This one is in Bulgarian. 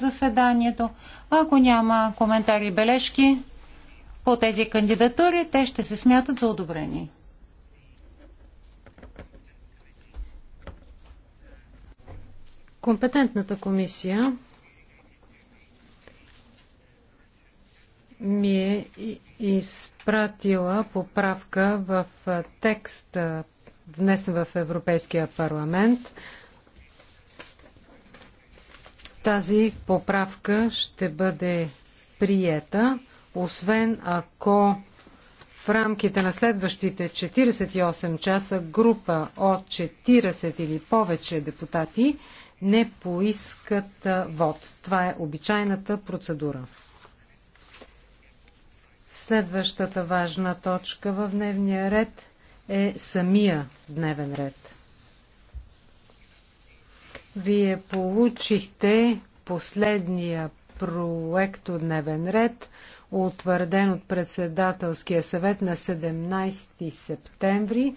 заседанието. Ако няма коментари и бележки по тези кандидатури, те ще се смятат за одобрени. Компетентната комисия ми е изпратила поправка в текста внесен в Европейския парламент. Тази поправка ще бъде приета, освен ако в рамките на следващите 48 часа група от 40 или повече депутати не поискат вод. Това е обичайната процедура. Следващата важна точка в дневния ред е самия дневен ред. Вие получихте последния проект от дневен ред, утвърден от председателския съвет на 17 септември.